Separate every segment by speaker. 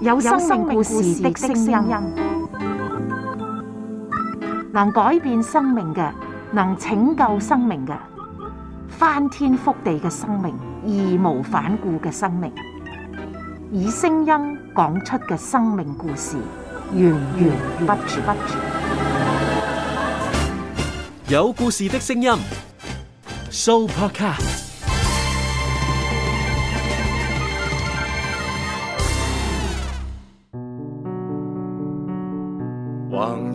Speaker 1: 有生命故事的聲音，能改變生命嘅，能拯救生命嘅，翻天覆地嘅生命，義無反顧嘅生命，以聲音講出嘅生命故事，源源不絕。有故事的聲音，Sooopodcast。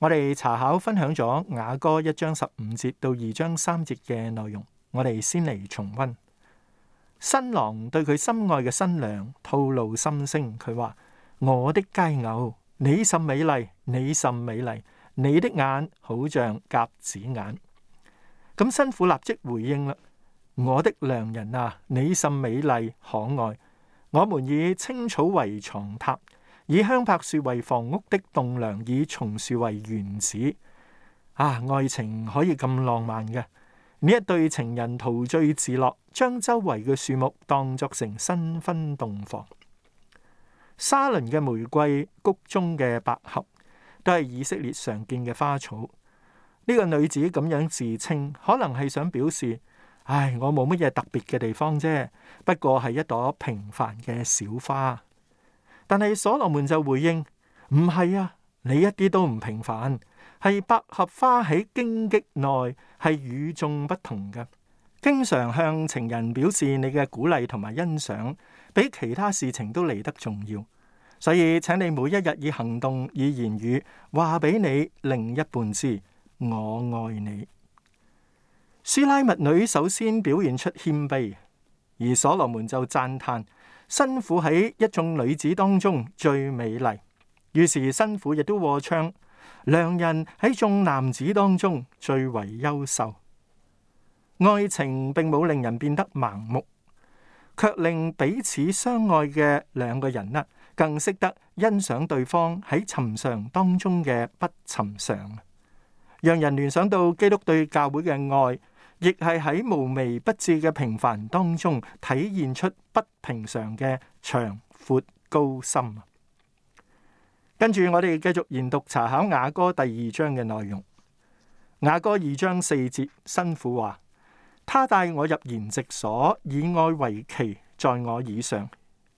Speaker 1: 我哋查考分享咗雅歌一章十五節到二章三節嘅內容，我哋先嚟重溫。新郎對佢心愛嘅新娘吐露心聲，佢話：我的佳偶，你甚美麗，你甚美麗，你的眼好像鴿子眼。咁新婦立即回應啦：我的良人啊，你甚美麗可愛，我們以青草為床榻。以香柏樹為房屋的棟樑，以松樹為原子。啊，愛情可以咁浪漫嘅！呢一對情人陶醉自樂，將周圍嘅樹木當作成新婚洞房。沙崙嘅玫瑰、谷中嘅百合，都係以色列常見嘅花草。呢個女子咁樣自稱，可能係想表示：唉，我冇乜嘢特別嘅地方啫，不過係一朵平凡嘅小花。但係所羅門就回應：唔係啊，你一啲都唔平凡，係百合花喺荊棘內係與眾不同嘅。經常向情人表示你嘅鼓勵同埋欣賞，比其他事情都嚟得重要。所以請你每一日以行動、以言語話俾你另一半知我愛你。書拉密女首先表現出謙卑，而所羅門就讚嘆。辛苦喺一眾女子當中最美麗，於是辛苦亦都和唱。良人喺眾男子當中最為優秀。愛情並冇令人變得盲目，卻令彼此相愛嘅兩個人呢，更識得欣賞對方喺尋常當中嘅不尋常，讓人聯想到基督對教會嘅愛。亦係喺無微不至嘅平凡當中，體現出不平常嘅長闊高深。跟住我哋繼續研讀查考雅歌第二章嘅內容。雅歌二章四節，新婦話：他帶我入筵席所，以愛為旗，在我以上。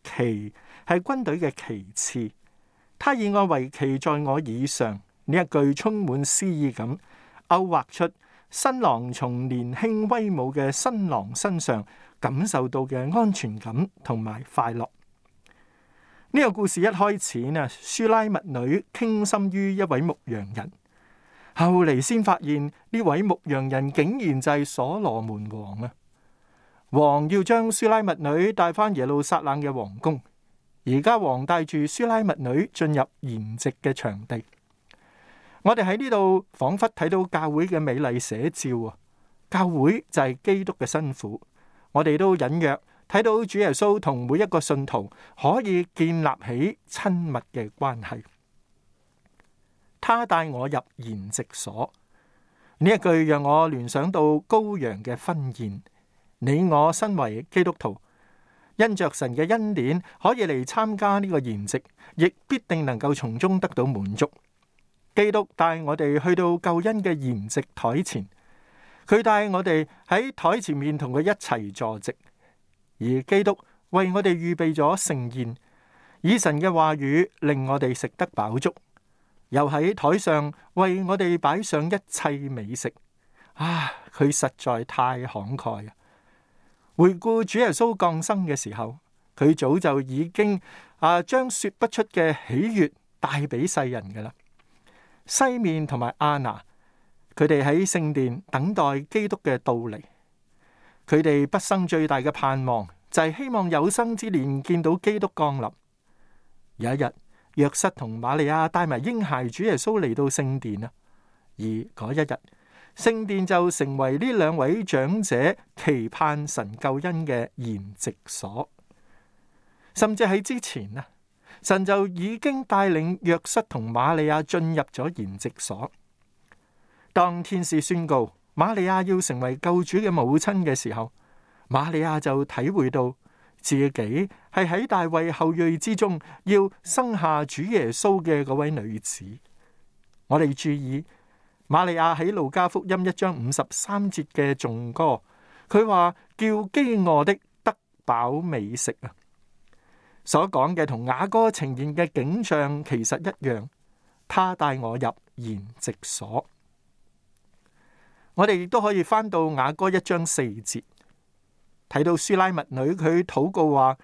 Speaker 1: 旗係軍隊嘅旗幟。」他以愛為旗，在我以上呢一句充滿詩意咁勾畫出，新郎從年輕威武嘅新郎身上感受到嘅安全感同埋快樂。呢、這個故事一開始啊，舒拉密女傾心於一位牧羊人，後嚟先發現呢位牧羊人竟然就係所羅門王啊！王要將舒拉密女帶返耶路撒冷嘅皇宮，而家王帶住舒拉密女進入筵席嘅場地。我哋喺呢度仿佛睇到教會嘅美麗寫照啊！教會就係基督嘅辛苦，我哋都隱約睇到主耶穌同每一個信徒可以建立起親密嘅關係。他帶我入筵席所，呢一句讓我聯想到羔羊嘅婚宴。你我身為基督徒，因着神嘅恩典，可以嚟參加呢個筵席，亦必定能夠從中得到滿足。基督帶我哋去到救恩嘅筵席台前，佢帶我哋喺台前面同佢一齊坐席，而基督為我哋預備咗盛宴，以神嘅話語令我哋食得飽足，又喺台上為我哋擺上一切美食。啊，佢實在太慷慨啊！回顧主耶穌降生嘅時候，佢早就已經啊，將說不出嘅喜悅帶俾世人㗎喇。西面同埋阿娜，佢哋喺聖殿等待基督嘅到嚟。佢哋畢生最大嘅盼望，就係希望有生之年見到基督降臨。有一日，約瑟同瑪利亞帶埋嬰孩主耶穌嚟到聖殿啊！而嗰一日，聖殿就成為呢兩位長者期盼神救恩嘅筵席所，甚至喺之前啊！神就已經帶領約瑟同瑪利亞進入咗筵席所。當天使宣告瑪利亞要成為救主嘅母親嘅時候，瑪利亞就體會到自己係喺大衛後裔之中要生下主耶穌嘅嗰位女子。我哋注意瑪利亞喺路加福音一章五十三節嘅頌歌，佢話叫飢餓的得飽美食啊！所講嘅同雅歌呈現嘅景象其實一樣，他帶我入筵席所。我哋亦都可以翻到雅歌一章四節，睇到書拉密女佢禱告話：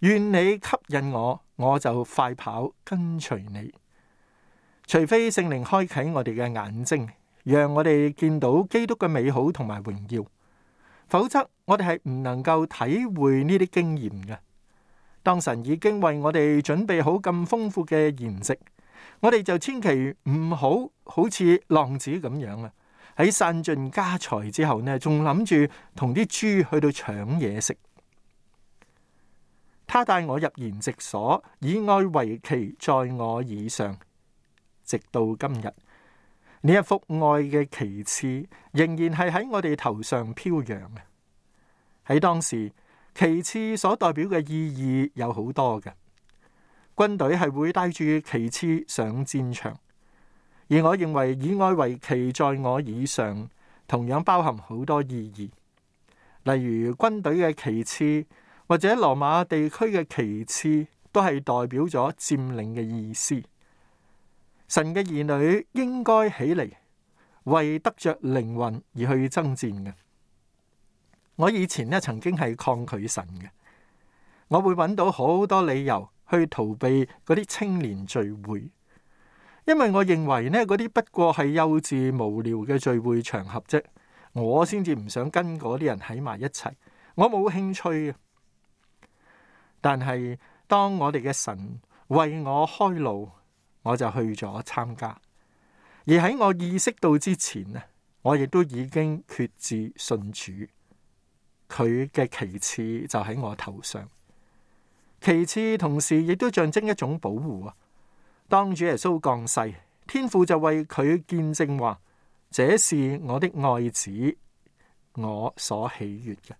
Speaker 1: 願你吸引我，我就快跑跟隨你。除非聖靈開啟我哋嘅眼睛，讓我哋見到基督嘅美好同埋榮耀，否則我哋係唔能夠體會呢啲經驗嘅。當神已經為我哋準備好咁豐富嘅筵席，我哋就千祈唔好好似浪子咁樣啊！喺散盡家財之後呢，仲諗住同啲豬去到搶嘢食。他帶我入筵席所，以愛為旗在我以上，直到今日，呢一幅愛嘅旗幟仍然係喺我哋頭上飄揚啊！喺當時。旗幟所代表嘅意義有好多嘅。軍隊係會帶住旗幟上戰場，而我認為以愛為旗在我以上，同樣包含好多意義，例如軍隊嘅旗幟或者羅馬地區嘅旗幟，都係代表咗佔領嘅意思。神嘅兒女應該起嚟為得着靈魂而去爭戰嘅。我以前咧，曾經係抗拒神嘅。我會揾到好多理由去逃避嗰啲青年聚會，因為我認為呢嗰啲不過係幼稚無聊嘅聚會場合啫。我先至唔想跟嗰啲人喺埋一齊，我冇興趣。但係當我哋嘅神為我開路，我就去咗參加。而喺我意識到之前咧，我亦都已經決志信主。佢嘅旌旗就喺我頭上，旌旗同時亦都象徵一種保護啊！當主耶穌降世，天父就為佢見證話：這是我的愛子，我所喜悦嘅。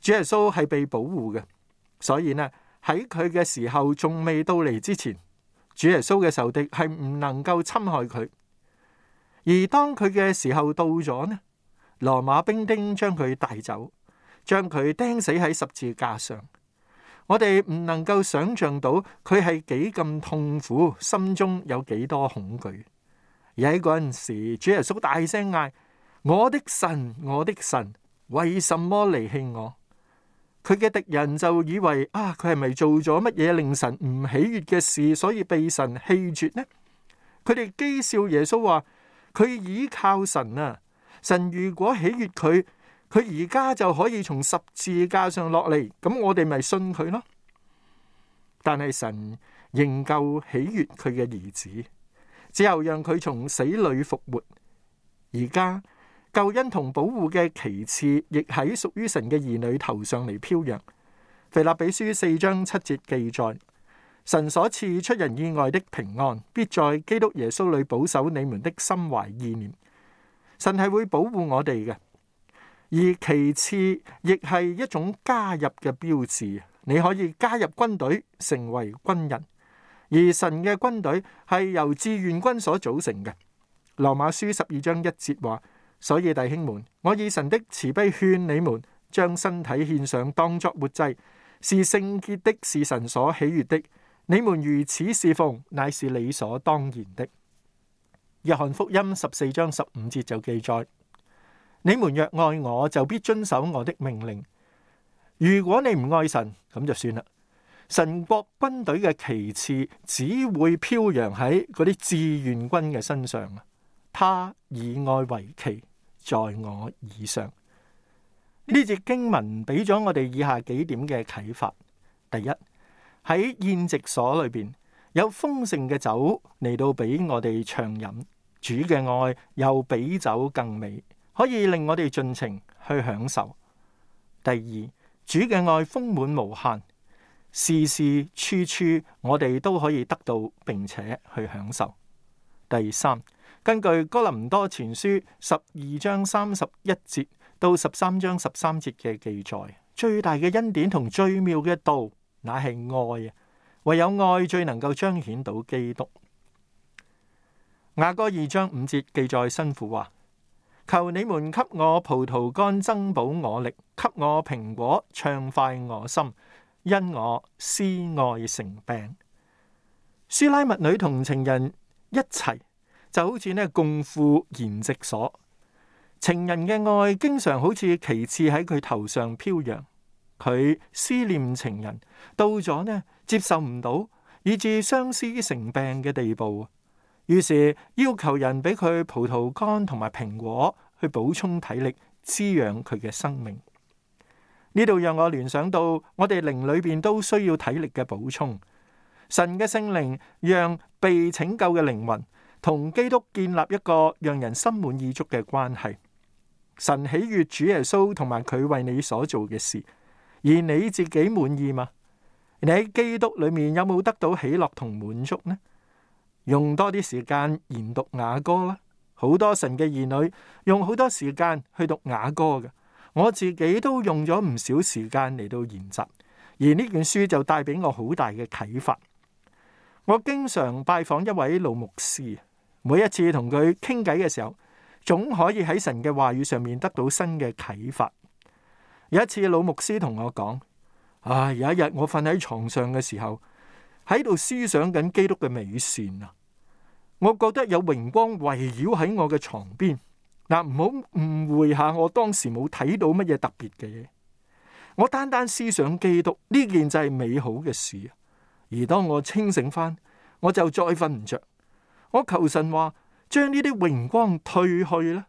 Speaker 1: 主耶穌係被保護嘅，所以呢喺佢嘅時候仲未到嚟之前，主耶穌嘅仇敵係唔能夠侵害佢，而當佢嘅時候到咗呢？羅馬兵丁將佢帶走，將佢釘死喺十字架上。我哋唔能夠想象到佢係幾咁痛苦，心中有幾多恐懼。而喺嗰陣時，主耶穌大聲嗌：「我的神，我的神，為什麼離棄我？」佢嘅敵人就以為啊，佢係咪做咗乜嘢令神唔喜悦嘅事，所以被神棄絕呢？佢哋譏笑耶穌話：「佢倚靠神啊。」神如果喜悅佢，佢而家就可以從十字架上落嚟，咁我哋咪信佢咯。但係神仍舊喜悅佢嘅兒子，只有讓佢從死裏復活。而家救恩同保護嘅旗幟，亦喺屬於神嘅兒女頭上嚟飄揚。腓立比書四章七節記載：神所賜出人意外的平安，必在基督耶穌裏保守你們的心懷意念。神係會保護我哋嘅，而其次亦係一種加入嘅標誌。你可以加入軍隊成為軍人，而神嘅軍隊係由志願軍所組成嘅。羅馬書十二章一節話：所以弟兄們，我以神的慈悲勸你們，將身體獻上，當作活祭，是聖潔的，是神所喜悦的。你們如此侍奉，乃是理所當然的。《約翰福音》十四章十五節就記載：你們若愛我，就必遵守我的命令。如果你唔愛神，咁就算啦。神國軍隊嘅旗幟只會飄揚喺嗰啲志願軍嘅身上。他以愛為旗，在我以上。呢節經文俾咗我哋以下幾點嘅啟發：第一，喺宴席所裏邊有豐盛嘅酒嚟到俾我哋暢飲。主嘅愛又比酒更美，可以令我哋盡情去享受。第二，主嘅愛豐滿無限，事事處處我哋都可以得到並且去享受。第三，根據哥林多前書十二章三十一節到十三章十三節嘅記載，最大嘅恩典同最妙嘅道，乃係愛啊！唯有愛最能夠彰顯到基督。雅歌二章五節記載，新婦話：求你們給我葡萄乾增補我力，給我蘋果暢快我心，因我思愛成病。舒拉蜜女同情人一齊，就好似呢共赴筵席所。情人嘅愛經常好似旗幟喺佢頭上飄揚，佢思念情人到咗呢接受唔到，以致相思成病嘅地步。於是要求人俾佢葡萄乾同埋蘋果去補充體力，滋養佢嘅生命。呢度讓我聯想到，我哋靈裏邊都需要體力嘅補充。神嘅聖靈讓被拯救嘅靈魂同基督建立一個讓人心滿意足嘅關係。神喜悅主耶穌同埋佢為你所做嘅事，而你自己滿意嗎？你喺基督裏面有冇得到喜樂同滿足呢？用多啲時間研讀雅歌啦，好多神嘅兒女用好多時間去讀雅歌嘅，我自己都用咗唔少時間嚟到研習，而呢卷書就帶俾我好大嘅啟發。我經常拜訪一位老牧師，每一次同佢傾偈嘅時候，總可以喺神嘅話語上面得到新嘅啟發。有一次老牧師同我講：唉，有一日我瞓喺床上嘅時候，喺度思想緊基督嘅美善啊！我覺得有榮光圍繞喺我嘅床邊，嗱，唔好誤會下，我當時冇睇到乜嘢特別嘅嘢。我單單思想基督呢件就係美好嘅事，而當我清醒翻，我就再瞓唔着。我求神話將呢啲榮光退去啦，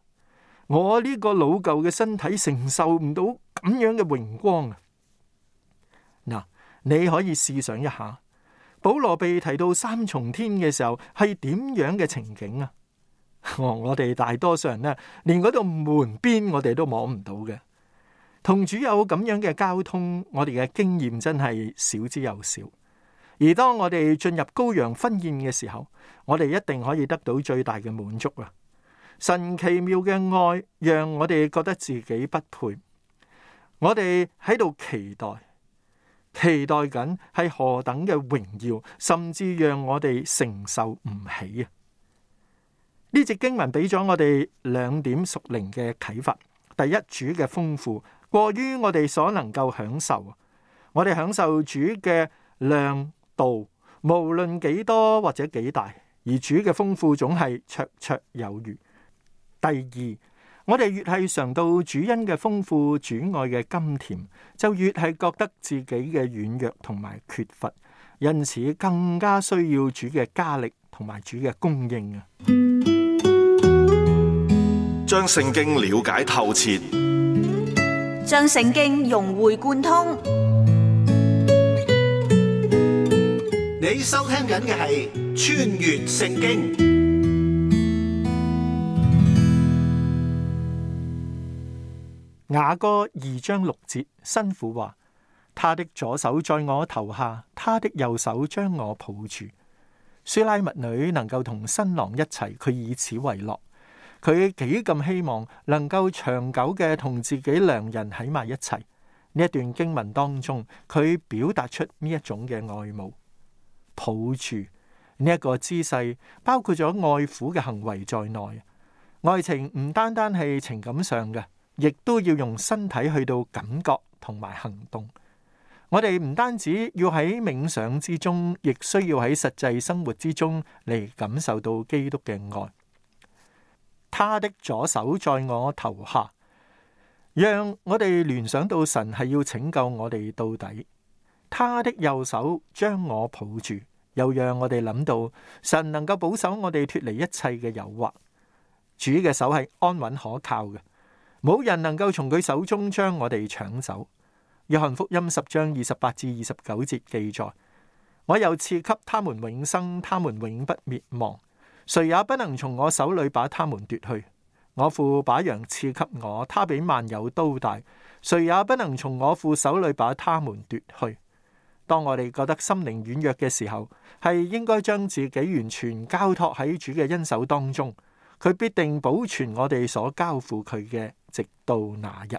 Speaker 1: 我呢個老舊嘅身體承受唔到咁樣嘅榮光啊！嗱、呃，你可以試想一下。保羅被提到三重天嘅時候，係點樣嘅情景啊？我我哋大多數人呢，連嗰度門邊我哋都摸唔到嘅。同主有咁樣嘅交通，我哋嘅經驗真係少之又少。而當我哋進入羔羊婚宴嘅時候，我哋一定可以得到最大嘅滿足啊！神奇妙嘅愛，讓我哋覺得自己不配。我哋喺度期待，期待緊係何等嘅榮耀，甚至讓我哋承受唔起啊！呢隻經文俾咗我哋兩點屬靈嘅啟發。第一，主嘅豐富過於我哋所能夠享受；我哋享受主嘅量度，無論幾多或者幾大，而主嘅豐富總係綽綽有餘。第二，我哋越係嘗到主恩嘅豐富、主愛嘅甘甜，就越係覺得自己嘅軟弱同埋缺乏，因此更加需要主嘅加力同埋主嘅供應啊！將聖經了解透徹，將聖經融會貫通。你收聽緊嘅係《穿越聖經》。雅歌二章六節，新婦話：他的左手在我頭下，他的右手將我抱住。舒拉密女能夠同新郎一齊，佢以此為樂。佢幾咁希望能夠長久嘅同自己良人喺埋一齊。呢一段經文當中，佢表達出呢一種嘅愛慕，抱住呢一，這個姿勢，包括咗愛撫嘅行為在內。愛情唔單單係情感上嘅。亦都要用身體去到感覺同埋行動。我哋唔單止要喺冥想之中，亦需要喺實際生活之中嚟，感受到基督嘅愛。他的左手在我頭下，讓我哋聯想到神係要拯救我哋到底。他的右手將我抱住，又讓我哋諗到神能夠保守我哋脱離一切嘅誘惑。主嘅手係安穩可靠嘅。冇人能夠從佢手中將我哋搶走。約翰福音十章二十八至二十九節記載：我又賜給他們永生，他們永不滅亡，誰也不能從我手裏把他們奪去。我父把羊賜給我，他比萬有都大，誰也不能從我父手裏把他們奪去。當我哋覺得心靈軟弱嘅時候，係應該將自己完全交託喺主嘅恩手當中。佢必定保存我哋所交付佢嘅，直到那日。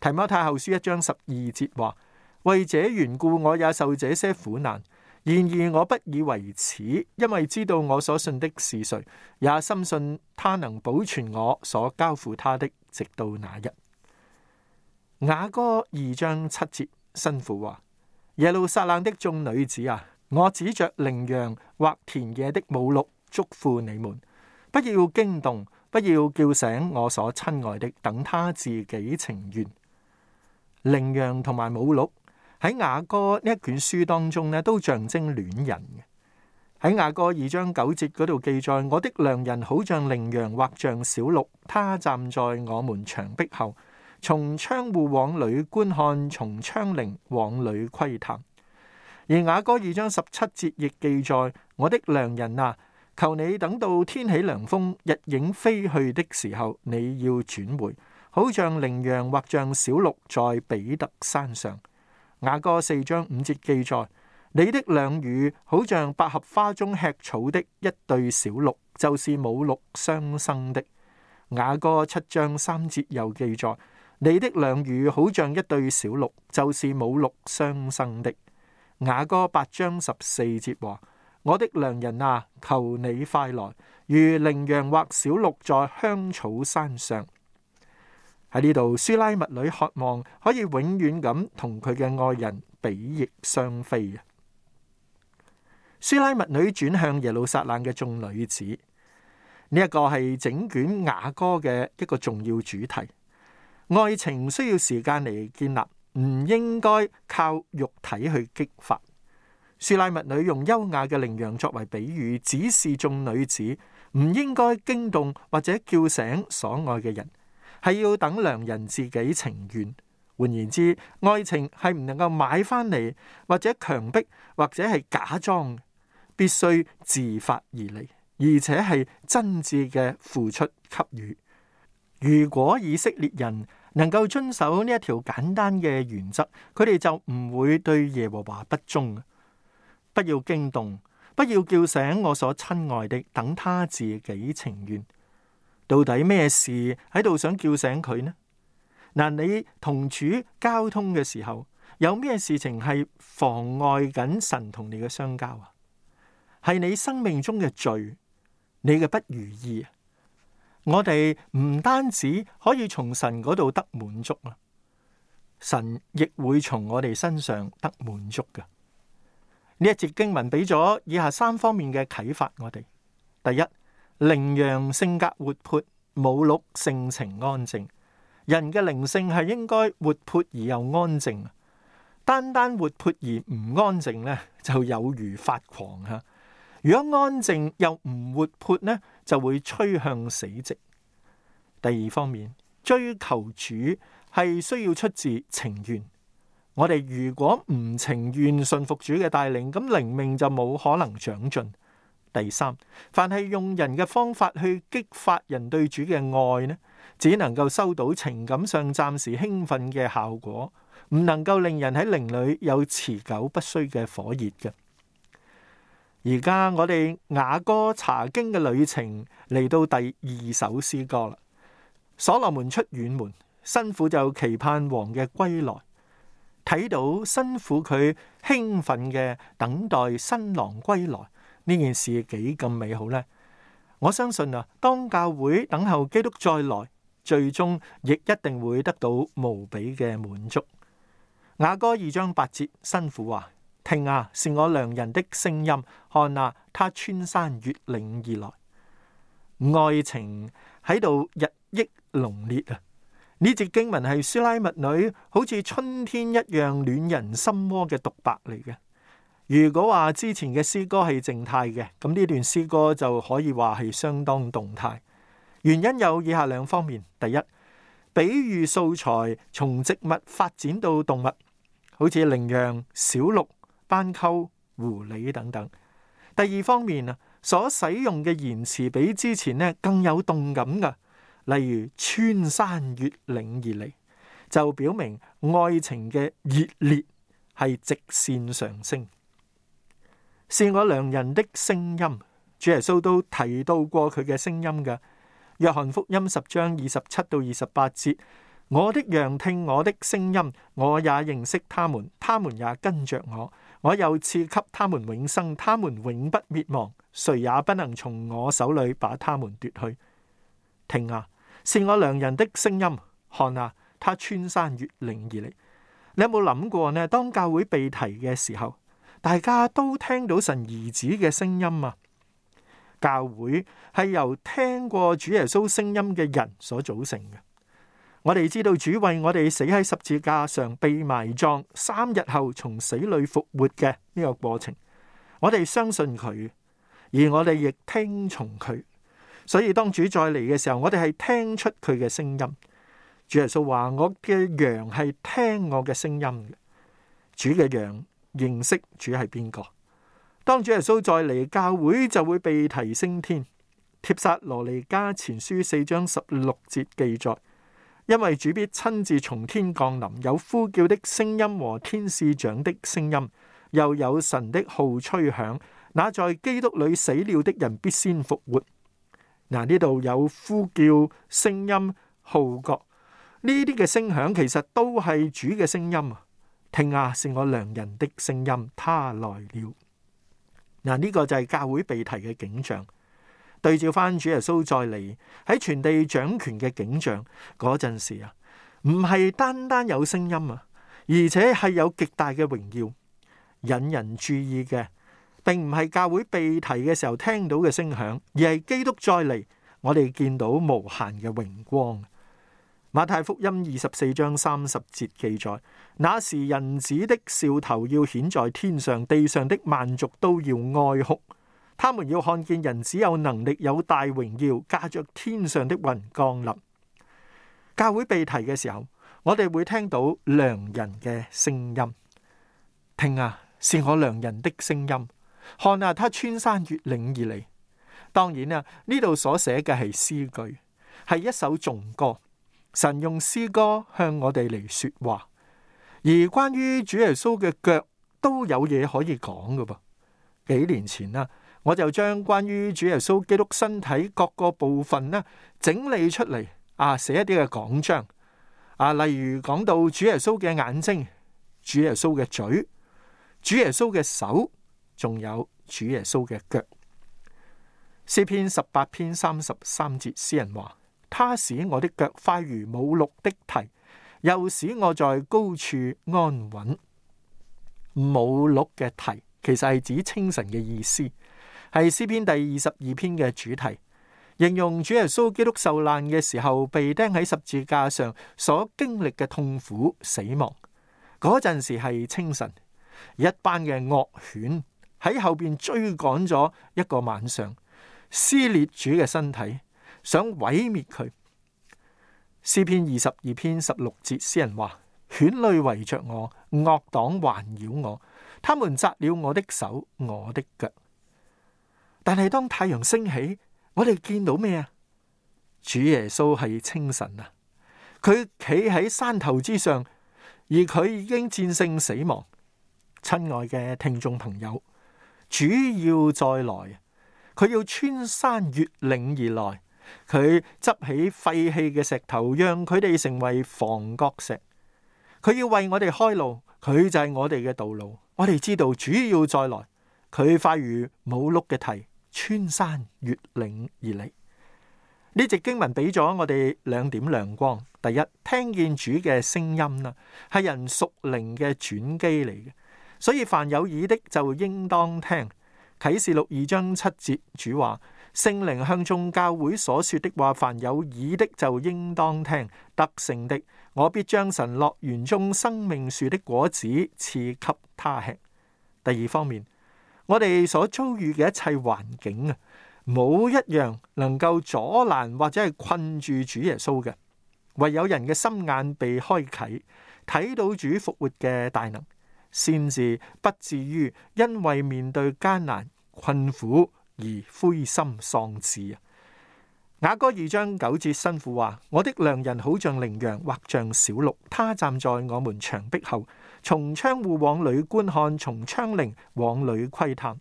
Speaker 1: 提摩太後書一章十二節話：為這緣故，我也受這些苦難；然而我不以為恥，因為知道我所信的是誰，也深信他能保存我所交付他的，直到那日。雅歌二章七節，新婦話：耶路撒冷的眾女子啊，我指着羚羊或田野的母鹿，囑咐你們。不要驚動，不要叫醒我所親愛的，等他自己情願。羚羊同埋母鹿喺雅歌呢一卷書當中呢，都象徵戀人嘅。喺雅歌二章九節嗰度記載，我的良人好像羚羊或像小鹿，他站在我們牆壁後，從窗戶往裏觀看，從窗棂往，往裏窺探。而雅歌二章十七節亦記載，我的良人啊。求你等到天起涼風、日影飛去的時候，你要轉回，好像羚羊或像小鹿在比特山上。雅歌四章五節記載：你的兩乳好像百合花中吃草的一對小鹿，就是母鹿相生的。雅歌七章三節又記載：你的兩乳好像一對小鹿，就是母鹿相生的。雅歌八章十四節話。我的良人啊，求你快來，如羚羊或小鹿在香草山上。喺呢度，舒拉密女渴望可以永遠咁同佢嘅愛人比翼雙飛啊！舒拉密女轉向耶路撒冷嘅眾女子，呢、這、一個係整卷雅歌嘅一個重要主題。愛情需要時間嚟建立，唔應該靠肉體去激發。書拉密女用優雅嘅羚羊作為比喻，指示眾女子唔應該驚動或者叫醒所愛嘅人，係要等良人自己情願。換言之，愛情係唔能夠買翻嚟，或者強迫，或者係假裝，必須自發而嚟，而且係真摯嘅付出給予。如果以色列人能夠遵守呢一條簡單嘅原則，佢哋就唔會對耶和華不忠。不要驚動，不要叫醒我所親愛的，等他自己情願。到底咩事喺度想叫醒佢呢？嗱，你同主交通嘅時候，有咩事情係妨礙緊神同你嘅相交啊？係你生命中嘅罪，你嘅不如意。我哋唔單止可以從神嗰度得滿足啊，神亦會從我哋身上得滿足㗎。呢一節經文俾咗以下三方面嘅啟發我哋：第一，羚羊性格活潑，母鹿性情安靜。人嘅靈性係應該活潑而又安靜。單單活潑而唔安靜呢，就有如發狂吓；如果安靜又唔活潑呢，就會趨向死寂。第二方面，追求主係需要出自情願。我哋如果唔情願信服主嘅帶領，咁靈命就冇可能長進。第三，凡係用人嘅方法去激發人對主嘅愛呢，只能夠收到情感上暫時興奮嘅效果，唔能夠令人喺靈裏有持久不衰嘅火熱嘅。而家我哋雅歌查經嘅旅程嚟到第二首詩歌啦。所羅門出遠門，辛苦就期盼王嘅歸來。睇到新婦佢興奮嘅等待新郎歸來，呢件事幾咁美好呢？我相信啊，當教會等候基督再來，最終亦一定會得到無比嘅滿足。雅歌二章八節，新婦啊，聽啊，是我良人的聲音；看啊，他穿山越嶺而來。愛情喺度日益濃烈啊！呢節經文係書拉密女好似春天一樣暖人心窩嘅獨白嚟嘅。如果話之前嘅詩歌係靜態嘅，咁呢段詩歌就可以話係相當動態。原因有以下兩方面：第一，比喻素材從植物發展到動物，好似羚羊、小鹿、斑鳩、狐狸等等；第二方面啊，所使用嘅言辭比之前呢更有動感㗎。例如穿山越嶺而嚟，就表明愛情嘅熱烈係直綫上升。是我良人的聲音，主耶穌都提到過佢嘅聲音嘅。約翰福音十章二十七到二十八節：我的羊聽我的聲音，我也認識他們，他們也跟着我。我又賜給他們永生，他們永不滅亡，誰也不能從我手裏把他們奪去。聽啊，是我良人的聲音。看啊，他穿山越嶺而嚟。你有冇諗過呢？當教會被提嘅時候，大家都聽到神兒子嘅聲音啊！教會係由聽過主耶穌聲音嘅人所組成嘅。我哋知道主為我哋死喺十字架上，被埋葬，三日後從死裏復活嘅呢個過程。我哋相信佢，而我哋亦聽從佢。所以當主再嚟嘅時候，我哋係聽出佢嘅聲音。主耶穌話：我嘅羊係聽我嘅聲音，主嘅羊認識主係邊個。當主耶穌再嚟，教會就會被提升天。帖撒羅尼迦前書四章十六節記載：因為主必親自從天降臨，有呼叫的聲音和天使長的聲音，又有神的號吹響。那在基督裏死了的人必先復活。嗱，呢度有呼叫、聲音、號角，呢啲嘅聲響其實都係主嘅聲音啊！聽啊，是我良人的聲音，他來了。嗱，呢個就係教會被提嘅景象。對照翻主耶穌再嚟喺全地掌權嘅景象嗰陣時啊，唔係單單有聲音啊，而且係有極大嘅榮耀，引人注意嘅。並唔係教會被提嘅時候聽到嘅聲響，而係基督再嚟，我哋見到無限嘅榮光。馬太福音二十四章三十節記載：那時人子的兆頭要顯在天上，地上的萬族都要哀哭。他們要看見人子有能力有大榮耀，駕着天上的雲降臨。教會被提嘅時候，我哋會聽到良人嘅聲音，聽啊，是我良人的聲音。看啊，他穿山越嶺而嚟。當然啦，呢度所寫嘅係詩句，係一首頌歌。神用詩歌向我哋嚟說話。而關於主耶穌嘅腳都有嘢可以講噶噃。幾年前啦，我就將關於主耶穌基督身體各個部分呢整理出嚟啊，寫一啲嘅講章啊，例如講到主耶穌嘅眼睛、主耶穌嘅嘴、主耶穌嘅手。仲有主耶穌嘅腳，詩篇十八篇三十三節，詩人話：他使我的腳快如母鹿的蹄，又使我在高處安穩。母鹿嘅蹄其實係指清晨嘅意思，係詩篇第二十二篇嘅主題，形容主耶穌基督受難嘅時候被釘喺十字架上所經歷嘅痛苦死亡。嗰陣時係清晨，一班嘅惡犬。喺後邊追趕咗一個晚上，撕裂主嘅身體，想毀滅佢。詩篇二十二篇十六節，詩人話：犬類圍着我，惡黨環繞我，他們扎了我的手，我的腳。但係當太陽升起，我哋見到咩啊？主耶穌係清晨啊！佢企喺山頭之上，而佢已經戰勝死亡。親愛嘅聽眾朋友。主要再來，佢要穿山越嶺而來，佢執起廢棄嘅石頭，讓佢哋成為房角石。佢要為我哋開路，佢就係我哋嘅道路。我哋知道，主要再來，佢快如母鹿嘅蹄，穿山越嶺而嚟。呢節經文俾咗我哋兩點亮光，第一，聽見主嘅聲音啦，係人屬靈嘅轉機嚟嘅。所以凡有耳的就應當聽。啟示錄二章七節，主話：聖靈向眾教會所說的話，凡有耳的就應當聽。得勝的，我必將神樂園中生命樹的果子賜給他吃。第二方面，我哋所遭遇嘅一切環境啊，冇一樣能夠阻攔或者係困住主耶穌嘅，唯有人嘅心眼被開啟，睇到主復活嘅大能。先至不至於因為面對艱難困苦而灰心喪志。雅歌二章九節辛苦話：我的良人好像羚羊或像小鹿，他站在我們牆壁後，從窗戶往裏觀看，從窗棂往裏窺探。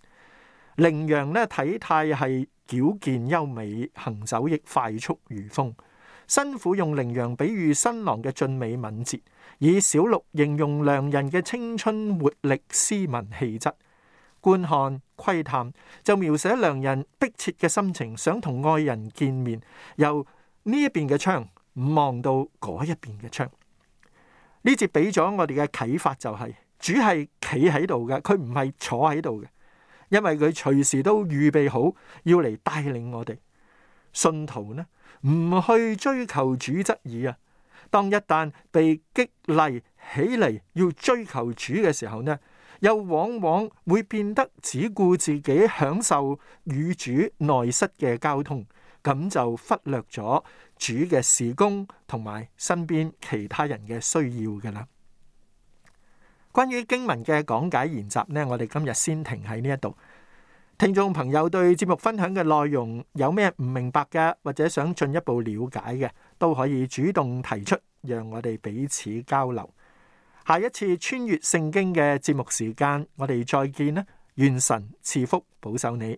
Speaker 1: 羚羊呢體態係矯健優美，行走亦快速如風。辛苦用羚羊比喻新郎嘅俊美敏捷，以小鹿形容良人嘅青春活力、斯文氣質。觀看、窺探，就描寫良人迫切嘅心情，想同愛人見面。由呢一邊嘅窗望到嗰一邊嘅窗。呢節俾咗我哋嘅啟發就係，主係企喺度嘅，佢唔係坐喺度嘅，因為佢隨時都預備好要嚟帶領我哋信徒呢。唔去追求主則已啊！當一旦被激勵起嚟要追求主嘅時候呢，又往往會變得只顧自己享受與主內室嘅交通，咁就忽略咗主嘅事工同埋身邊其他人嘅需要㗎喇。關於經文嘅講解研習呢，我哋今日先停喺呢一度。聽眾朋友對節目分享嘅內容有咩唔明白嘅，或者想進一步了解嘅，都可以主動提出，讓我哋彼此交流。下一次穿越聖經嘅節目時間，我哋再見啦！願神賜福保守你。